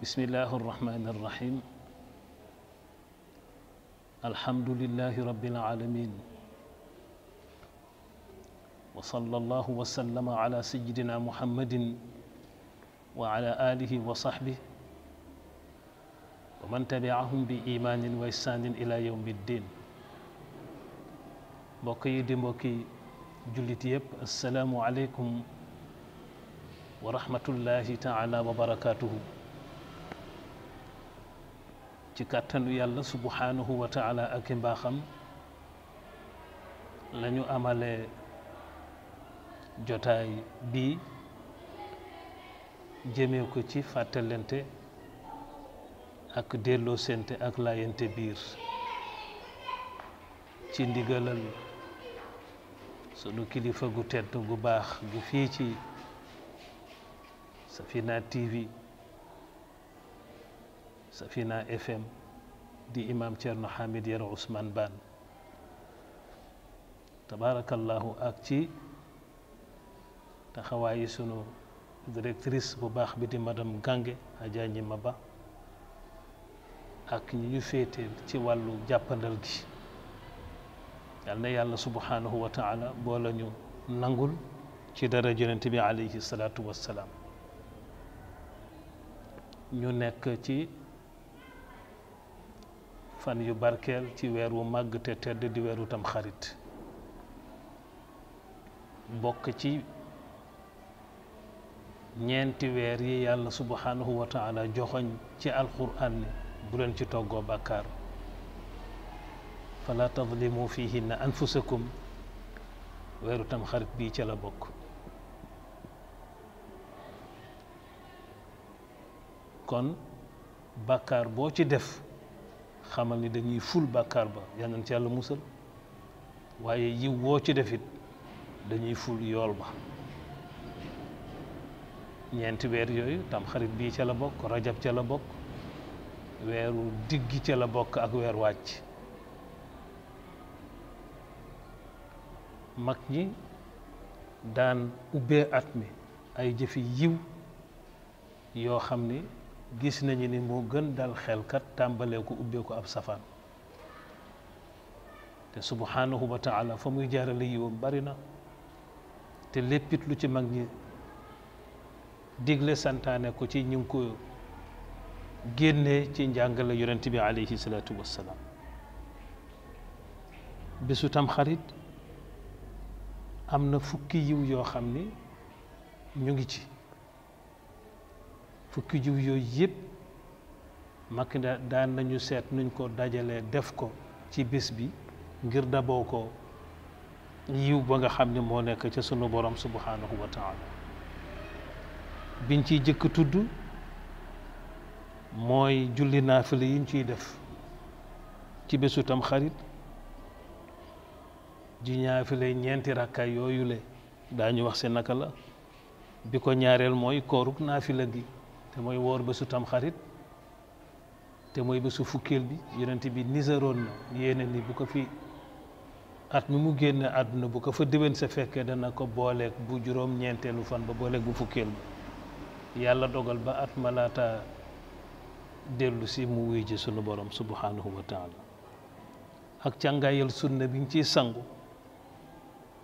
بسم الله الرحمن الرحيم الحمد لله رب العالمين وصلى الله وسلم على سيدنا محمد وعلى آله وصحبه ومن تبعهم بإيمان وإحسان إلى يوم الدين بقي yi di jullit yépp asalaamualeykum wa rahmatullahi taala wa barakaatuhu ci kàttanu yàlla subhaanahu wa taala ak i mbaaxam la ñu jotaay bii jëmee ko ci fàttalente ak delloo sente ak laayante biir ci ndigalal sunu kilifa gu tedd gu baax gi fii ci safina tv safina fm di imam cerno hamid yara ousmane ban tabarakallahu ak ci taxawaayi sunu directrice bu baax bi di madame gange aja ñima ba ak ñu féete ci wàllu jàppandal gi yal na yàlla subhanahu wa taala boo la nangul ci dara yonent bi alayhi salaatu salaam ñu nekk ci fan yu barkeel ci weer wu màgg te tedd di weeru tam xarit bokk ci ñeenti weer yi yàlla subhanahu wa taala joxoñ ci alquran ni bu leen ci toggoo bàkkaar فلا تظلموا فيهن أنفسكم ويرو تم خرق بي چلا بوك كون بكار بوچي دف خامل ني دنجي فول بكار با يانن يعني تيالو موسل وايي يي ووچي دفيت دنجي فول يول با ñent wër yoyu tam xarit bi ci la bok rajab ci la bok wëru diggi ci la bok mag ñi daan ubbee at mi ay jëfi yiw yoo xam ni gis nañu ni moo gën dal xelkat tàmbalee ko ubbee ko ab safaan te subhanahu wa taala fa muy jaarale yiwam bari na te léppit lu ci mag ñi digle santaane ko ci ñu ngi ko génnee ci njàngale yonent bi alayhi salaatu wassalaam bésu tam xarit am na fukki yiw yoo xam ni ñu ngi ci fukki yiw yooyu yëpp Macky daan nañu seet nuñ ko dajale def ko ci bés bi ngir daboo ko yiw ba nga xam ni moo nekk ca sunu borom subhanahu wa taala biñ ciy jëkk tudd mooy julli naafila yiñ ciy def ci bésu tam xarit di ñaafile ñeenti rakka yooyu le daañu wax si naka la bi ko ñaareel mooy kooruk naafila gi te mooy woor bésu tamxarit te mooy bésu fukkeel bi yonent bi niseroon na yéene ni bu ko fi at mi mu génn àdduna bu ko fa déwén sa fekke dana ko booleek bu juróom ñeenteelu fan ba booleeg bu fukkeel bi yàlla dogal ba at ma laata dellu si mu wuy sunu borom subhanahu wa ak càngaayal sunna bi ñu ciy sangu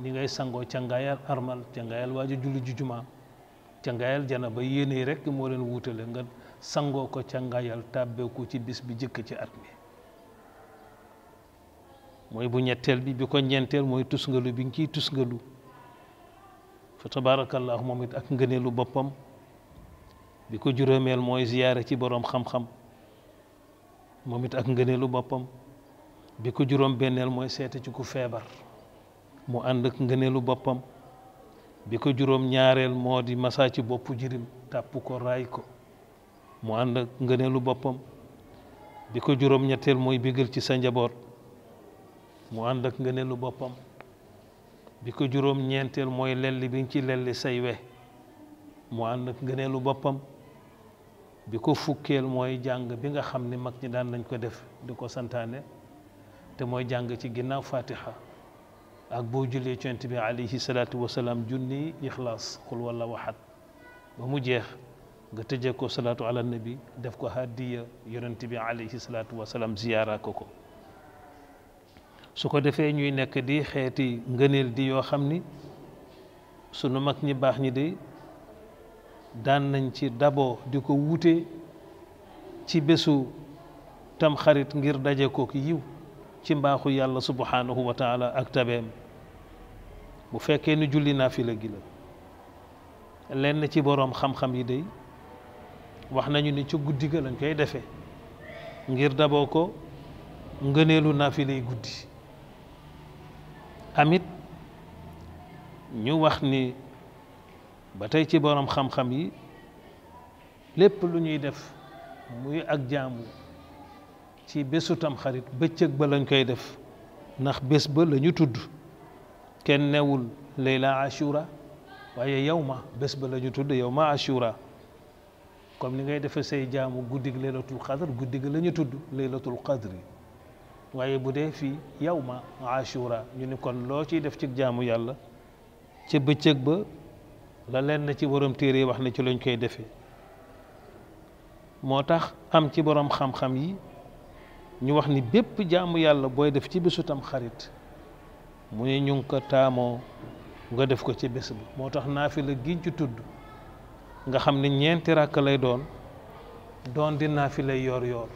ni ngay ca cangaayal armal cangaayal waaju julli ju juma Jana janaba yéene rek moo leen wuutale nga sango ko cangaayal tàbbeeku ci bis bi jëkk ci at mi mooy bu ñetteel bi bi ko ñeenteel mooy tusngalu bi ngi ciy tusngalu fa tabaarakallahu moom it ak ngëneelu boppam bi ko juróomeel mooy ziyaare ci borom xam-xam moom it ak ngëneelu boppam bi ko juróom benneel mooy seete ci ku feebar mu ànd ak ngëneelu boppam bi ko juróom ñaareel moo di masaa ci boppu jirim tàpp ko raay ko mu ànd ak ngëneelu boppam bi ko juróom ñetteel mooy bégal ci sa njaboot mu ànd ak boppam bi ko juróom ñeenteel mooy lelli bi nga ci lelli say we mu ànd ak ngëneelu boppam bi ko fukkeel mooy jàng bi nga xam ni mag ñi daan lañ ko def di ko santaane te mooy jàng ci ginnaaw faatixa ak boo jullee ci yonent bi alayhi salaatu wasalaam junni ixlaas xul wala waxat ba mu jeex nga tëjee ko salaatu ala nabi def ko hadiya yonent bi alayhi salaatu wasalaam ziyaara ko ko su ko defee ñuy nekk di xeeti ngëneel di yoo xam ni sunu mag ñi baax ñi de daan nañ ci d'abord di ko wute ci bésu tamxarit xarit ngir daje kook yiw ci mbaaxu yàlla subhanahu wa taala ak tabeem bu fekkee ni julli naafila gi la lenn ci boroom xam-xam yi day wax nañu ni ci guddi ga lañ koy defee ngir daboo ko ngëneelu lay guddi amit ñu wax ni ba tey ci boroom xam-xam yi lépp lu ñuy def muy ak jaamu ci bésu xarit beccëk ba lañ koy def ndax bés ba lañu tudd kenn newul layla ashura waaye yow ma bés ba lañu tudd yow ma ashura comme ni ngay defe say jaamu guddig laylatul qadr guddig lañu tudd laylatul qadri waaye bu dee fii yow ma ashura ñu ni kon loo ciy def ci jaamu yàlla ca bëccëg ba la leen ci borom téere wax na ci lañ koy defee moo tax am ci borom xam-xam yi ñu wax ni bépp jaamu yàlla booy def ci bésu tam xarit mu ne ñu ko taamoo nga def ko ci bés bi moo tax naafila giñ ci tudd nga xam ni ñeenti ràkk lay doon doon di naafila yoor yoor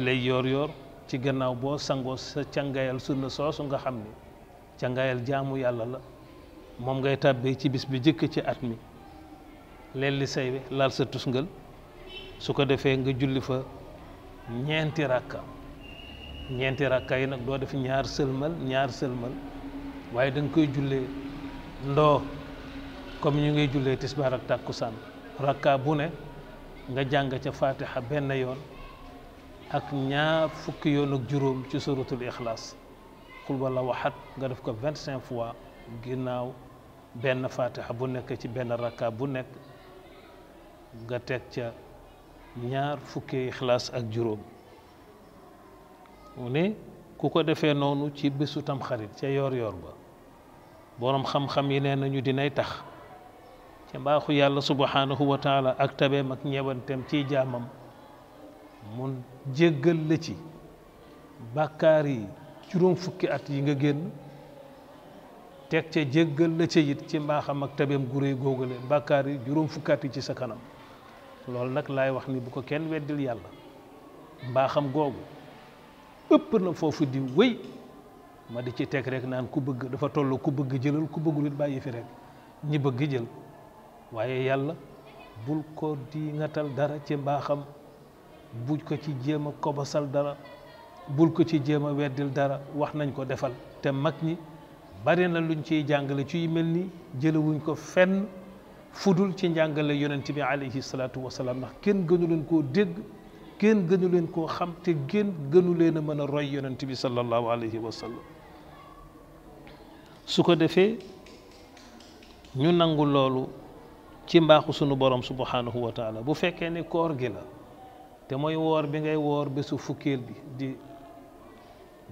lay yoor yoor ci gannaaw boo sangoo sa càngayal sunna soosu nga xam ni càngayal jaamu yàlla la moom ngay tàbbee ci bis bi jëkk ci at mi leel li say lal sa tusngal su ko defee nga julli fa ñeenti rakka ñeenti rakka yi nag doo def ñaar sëlmal ñaar sëlmal waaye danga koy jullee ndoo comme ñu ngay jullee tisbaar ak tàkkusaan rakka bu ne nga jàng ca fatiha benn yoon ak ñaar fukki yoon ak juróom ci suratul ixlaas xul wala waxat nga def ko vingt cinq fois ginnaaw benn fatiha bu nekk ci benn rakka bu nekk nga teg ca ñaar fukki ixlaas ak juróom mu ne ku ko defee noonu ci bésu tamxarit ca yoor yoor ba boroom xam-xam yi nee nañu dinay tax ca mbaaxu yàlla subhanahu wa taala ak tabeem ak ñeewanteem ciy jaamam mun jéggal la ci bàkkaar yi juróom fukki at yi nga génn teg ca jéggal la ca it ci mbaaxam ak tabeem gu réy googale bàkkaar yi juróom fukki yi ci sa kanam loolu nag laay wax ni bu ko kenn weddil yàlla mbaaxam googu ëpp na foofu di wéy ma di ci teg rekk naan ku bëgg dafa toll ku bëgg jëlal ku bëggul it bàyyi fi rekk ñi bëgg jël waaye yàlla bul ko di ngatal dara ci mbaaxam bul ko ci jéem a kobosal dara bul ko ci jéem a weddil dara wax nañ ko defal te mag ñi bari na luñ ciy jàngale ciy mel ni jëlewuñ ko fenn fudul ci njàngale yonent bi alayhi salaatu salaam ndax kenn gënu leen koo dégg kenn gënu leen koo xam te kenn gënu leen a mën a roy yonent bi sallallahu alayhi wa sallam su ko defee ñu nangu loolu ci mbaaxu sunu borom subhanahu wa taala bu fekkee ne koor gi la te mooy woor bi ngay woor bésu fukkeel bi di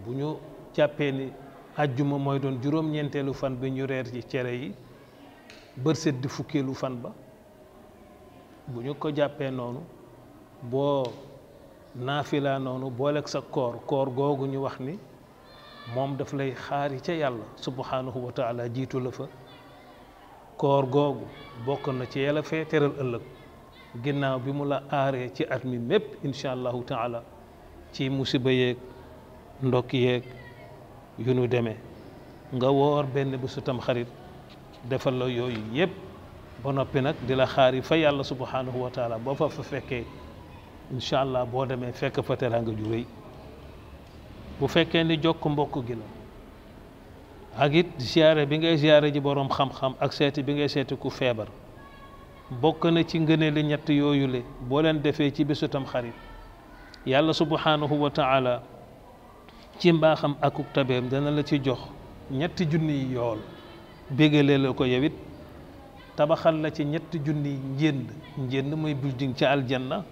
bu ñu jàppee ni àjjuma mooy doon juróom-ñeenteelu fan bi ñu reer ci cere yi bërset di fukkeelu fan ba bu ñu ko jàppee noonu boo naafilaa noonu booleeg sa koor koor googu ñu wax ni moom daf lay xaari ca yàlla subhanahu wa jiitu la fa koor googu bokk na ci yàlla fee teral ëllëg ginnaaw bi mu la aaree ci at mi mépp incha allahu taala ci musiba yeeg ndokk yeeg yu nu demee nga woor benn bésu tam xarit defal la yooyu yëpp ba noppi nag di la xaari fa yàlla subhanahu wa taala boo fa fa fekkee incha allah boo demee fekk fa teraanga ju rëy bu fekkee ni jokk mbokk gi la ak it ziare bi ngay ziare ji boroom xam ak seeti bi ngay seeti ku feebar bokk na ci ngëneeli ñett yooyu boo leen defee ci bésu tam xarit yàlla subhanahu wa taala ci mbaaxam akuk tabeem dana la ci jox ñetti junni yi yool bégalee la ko yow tabaxal la ci ñetti junni njënd njënd mooy building ca aljanna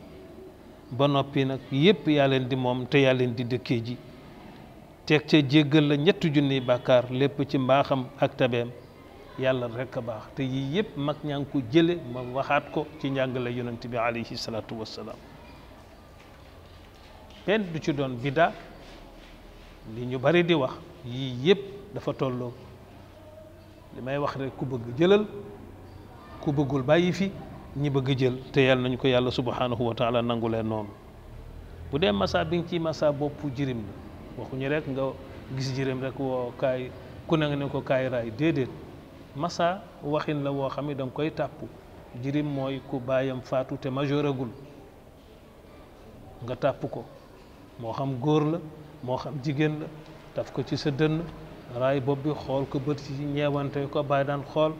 ba noppi nag yépp yaa leen di moom te yaa leen di dëkkee ji teg ca jéggal la ñetti junni bàkkaar lépp ci mbaaxam ak tabeem yàlla rekk a baax te yii yépp mag ñaa ngi ko jële ma waxaat ko ci njàngale yonent bi alayhi salaatu wassalaam pen du ci doon bida li ñu bari di wax yii yépp dafa tolloo li may wax rek ku bëgg jëlal ku bëggul bàyyi fi ñi bëgg jël te yàlla nañu ko yàlla subhanahu wa taala nangu leen noonu bu dee masaa bi nga ciy massa boppu jirim la waxuñu rek nga gis jirim rek woo kaay ku ne nga ne ko kaay raay déedéet massa waxin la woo xam ne danga koy tàpp jirim mooy ku baayam faatu te majooragul nga tàpp ko moo xam góor la moo xam jigéen la taf ko ci sa dënn raay bopp bi xool ko bët si ñeewante ko bàyyi daan xool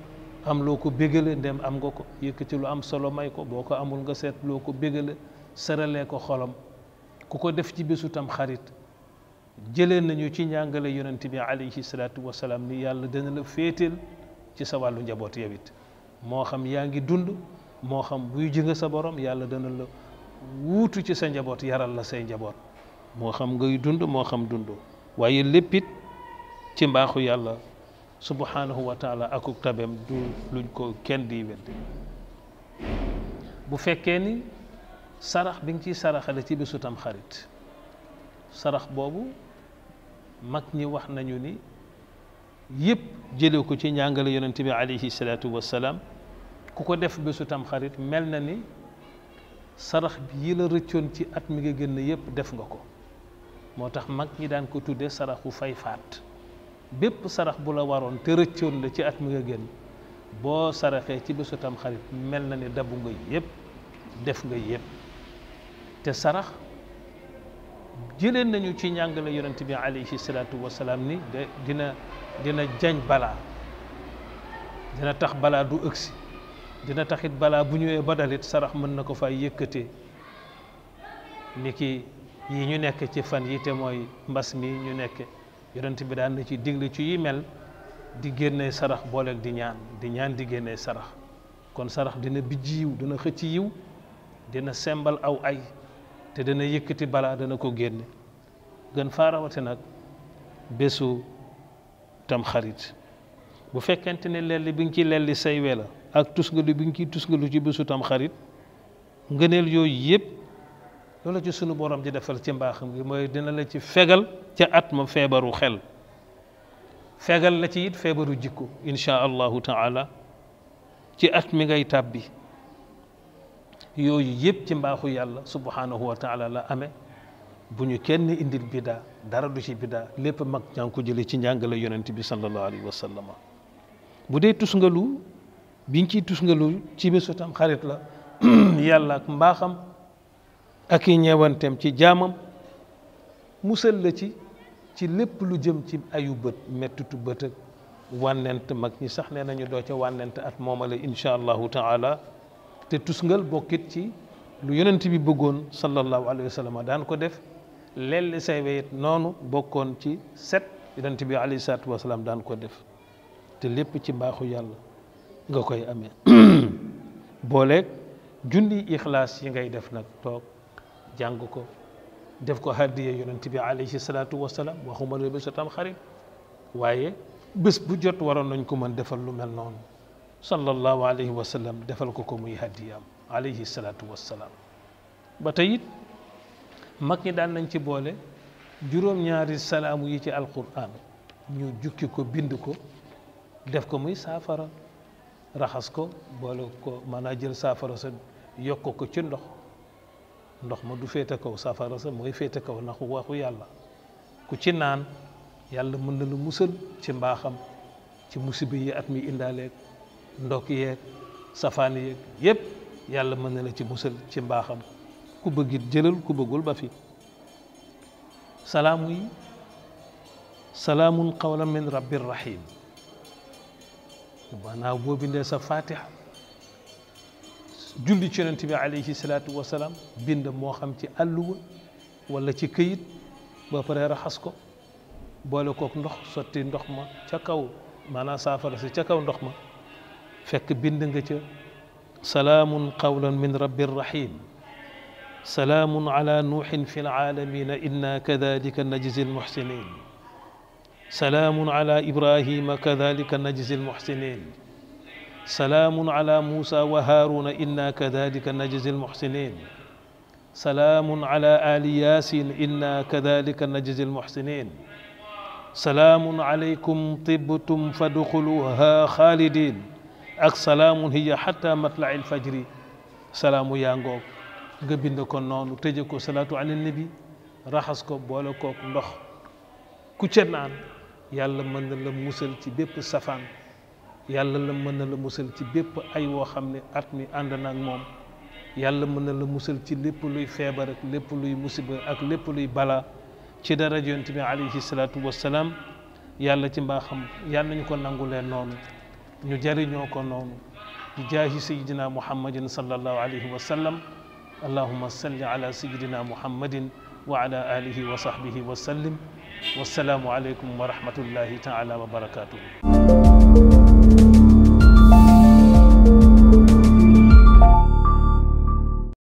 am loo ko bégale ndem am nga ko yëkkati lu am solo may ko boo ko amul nga seet loo ko bégale saralee ko xolam ku ko def ci bésu tam xarit jëlee nañu ci njàngale yonent bi alayhi salaatu wasalaam ni yàlla dana la féeteel ci sa wàllu njaboot yow it moo xam yaa ngi dund moo xam buy ji sa borom yàlla dana la wuutu ci sa njaboot yaral la say njaboot moo xam ngay dund moo xam dund waaye lépp it ci mbaaxu yàlla subhanahu wa taala akuk tabeem du luñ ko kenn di weddi bu fekkee ni sarax bi nga ciy saraxale ci bésu tam xarit sarax boobu mag ñi wax nañu ni yëpp jële ko ci njàngale yonent bi alayhi salaatu wassalaam ku ko def bésu tam xarit mel na ni sarax bi yi la rëccoon ci at mi nga génn yëpp def nga ko moo tax mag ñi daan ko tuddee saraxu fay faat bépp sarax bu la waroon te rëccoon la ci at mu nga génn boo saraxee ci bésu tam xarit mel na ne dabu nga yépp def nga yépp te sarax jëleen nañu ci njàngale yonent bi alayhi salaatu wasalaam ni de dina dina jañ dina tax balaa du ëgsi dina taxit balaa bu ñëwee ba sarax mën na ko fay yëkkatee ni ki yi ñu nekk ci fan yi te mooy mbas mi ñu nekk yonent bi daan na ci digle ci yi mel di génnee sarax booleeg di ñaan di ñaan di génnee sarax kon sarax dina bijji yiw dina xëcc yiw dina sembal aw ay te dana yëkkati balaa dana ko génne gën faa rawate nag bésu tam xarit bu fekkente ne lelli bi nga ciy lelli say we la ak tusngalu bi nga ciy tusngalu ci bésu tam xarit ngëneel yooyu yëpp loolu ci sunu borom di defal ci mbaaxam gi mooy dina la ci fegal ca at ma feebaru xel fegal la ci it feebaru jikko insha allahu taala ci at mi ngay tàbbi yooyu yëpp ci mbaaxu yàlla subhanahu wa taala la amee bu ñu kenn indil bidaa dara du ci bidaa lépp mag ñaa ngi ko jëlee ci njàngale yonent bi sallallahu alayhi wa sallam bu dee tusngalu bi ñu ciy tusngalu ci bésu tam xarit la yàlla ak mbaaxam ak yi ñeewanteem ci jaamam musal la ci ci lépp lu jëm ci ayu bët mettitu bët ak wànnent mag ñi sax nee nañu doo ca wànnent at moomale incha allahu taala te tusngal bokkit ci lu yonent bi bëggoon sallallahu alayhi wa sallam daan ko def lelli say weyit noonu bokkoon ci set yonent bi alayhi salaatu wa daan ko def te lépp ci mbaaxu yàlla nga koy amee booleeg junni ixlaas yi ngay def nag toog jangoko def ko hadiya yonent bi alayhi salaatu wasalaam waxuma ne bésu tam xarit waaye bés bu jot waron nagn ko man defal lu mel non sallallahu alayhi wa sallam defal ko ko muy hadiyaam alayhi salatu wasalaam ba tey it mag ñi ci bolé juróom-ñaari salamu yi ci alquran ñu jukki ko bind ko def ko muy safara raxas ko boole ko maanaa jël sa yokko ko ci ndokh ndox ma du fete kaw safara sa moy fete kaw ndax waxu yàlla ku ci nan yàlla mën na lu mussel ci mbaxam ci musibe yi at mi indaaleeg ndokk yeeg safaan yeeg yépp yàlla mën na la ci mussel ci mbaxam ku it jëlal ku bëggul ba fi salaamu yi salaamun qawlan min rabbir rahim bana bo binde sa fatiha julli ci yonent bi alayhi salaatu wasalaam bind moo xam ci àlluwa wala ci këyit ba pare raxas ko boole kook ndox sotti ndox ma ca kaw maanaam saafara si ca kaw ndox ma fekk bind nga ca salaamun qawlan min rabbin rahim سلام على نوح في العالمين إنا كذلك نجزي المحسنين سلام على إبراهيم كذلك نجزي المحسنين سلام على موسى وهارون إنا كذلك نجزي المحسنين سلام على آل ياسين إنا كذلك نجزي المحسنين سلام عليكم طبتم فادخلوها خالدين ak salaamun hiya hatta matla il fajri salaamu yaa ngoog nga bind ko noonu tëje ko salaatu ala nabi raxas ko boole kook ndox ku ca naan yàlla mën na la musal ci bépp safaan yàlla la mën na la musal ci bépp ay woo xam ne at mi ànd na ak moom yàlla mën la musal ci lépp luy feebar ak lépp luy musiba ak lépp luy bala ci dara yonent bi alayhi salaatu wasalaam yàlla ci mbaaxam yàlla nañu ko nangu leen ñu jariñoo ko noonu di jaahi sayidina muhammadin sallallahu alayhi wa sallam allahuma salli ala sayidina muhammadin wa ala alihi wa sahbihi wa sallim wasalaamu aleykum wa